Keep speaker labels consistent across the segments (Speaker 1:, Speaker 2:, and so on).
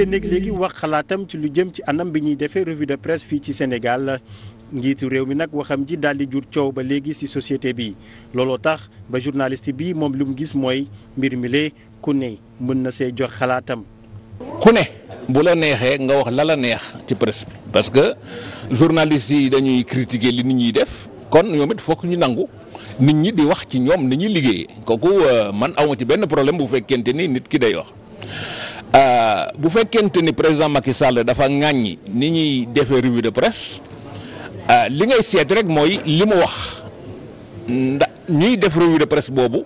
Speaker 1: génneeg léegi wax xalaatam ci lu jëm ci anam bi ñuy defee revue de ci Sénégal njiitu réew mi nag waxam ji daal di jur coow ba léegi ci société bi looloo tax ba journaliste bi moom lu mu gis mooy mbir mi lee ku ne mën na see jox xalaatam. ku ne
Speaker 2: bu la neexee nga wax la la neex ci presse parce que journaliste yi dañuy critiquer li nit ñuy def kon ñoom it fokk ñu nangu. nit ñi di wax ci ñoom ni ñuy liggéey kooku euh, man awma benn problème bu fekkente ni nit ki day wax Euh, bu fekkente ni président Macky Sall dafa ŋàññi ni ñuy defee revue de presse euh, li ngay seet rek mooy li mu wax ndax ñuy def revue de presse boobu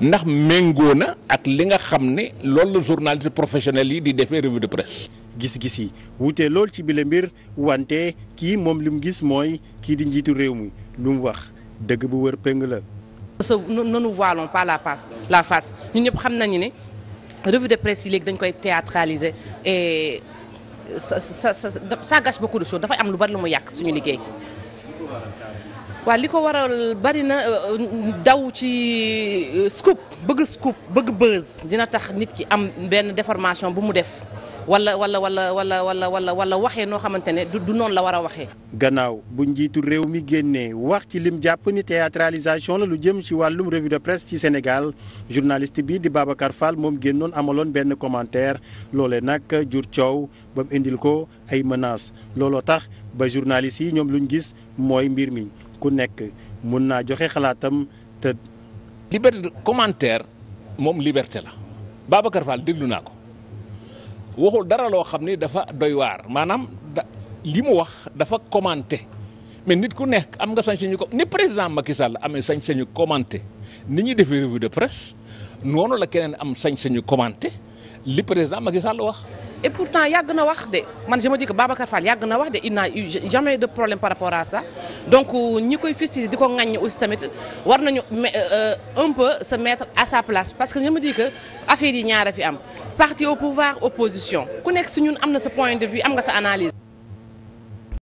Speaker 2: ndax méngoo na ak li nga xam ne loolu la journaliste professionnel yi di defee revue
Speaker 1: de presse. gis-gis yi wuute lool ci bile mbir wante kii moom li mu gis mooy kii di njiitu réew mi lu mu wax dëgg bu wër péng la.
Speaker 3: parce que nous ne nous la face la face ñëpp xam nañu ni revue de presse yi léegi dañ koy théâtraliser et sa sa ça ça gâche beaucoup de choses dafay am lu bari lu mu yàq suñu liggéey. waaw li ko waral bari na euh, daw ci euh, scoop bëgg scoop bëgg buzz dina tax nit ki am benn déformation bu mu def. wala wala wala wala wala wala wala waxee noo xamante ne du noonu la war a waxee.
Speaker 1: gannaaw bu njiitu réew mi génnee wax ci lim jàpp ni théâtralisation la lu jëm ci wàllum revue de presse ci Sénégal journaliste bi di Babacar Fall moom génnoon amaloon benn commentaire loolee nag jur coow ba mu indil ko ay menaces looloo tax ba journaliste yi ñoom luñ gis mooy mbir mi ku nekk mun naa joxe xalaatam te. liberté
Speaker 2: commentaire moom liberté la Babacar Fall déglu naa ko. waxul dara loo xam ni dafa doy waar maanaam da li mu wax dafa commenté mais nit ku nekk am nga sañ-sañu ko ni président Macky Sall amee sañ-sañu commenté ni ñuy defee revue de presse noonu la keneen am sañ-sañu commenté li président
Speaker 3: Macky Sall wax. et pourtant yàgg na wax de man je me dis que yàgg na wax de il n'a eu jamais de problème par rapport à ça donc euh, ñi koy fustiger di ko ŋaññi aussi tamit war nañu euh, euh, un peu se mettre à sa place parce que je me dis que affaire yi ñaara fi am parti au pouvoir opposition ku nekk si ñun am na sa point de vue am nga sa analyse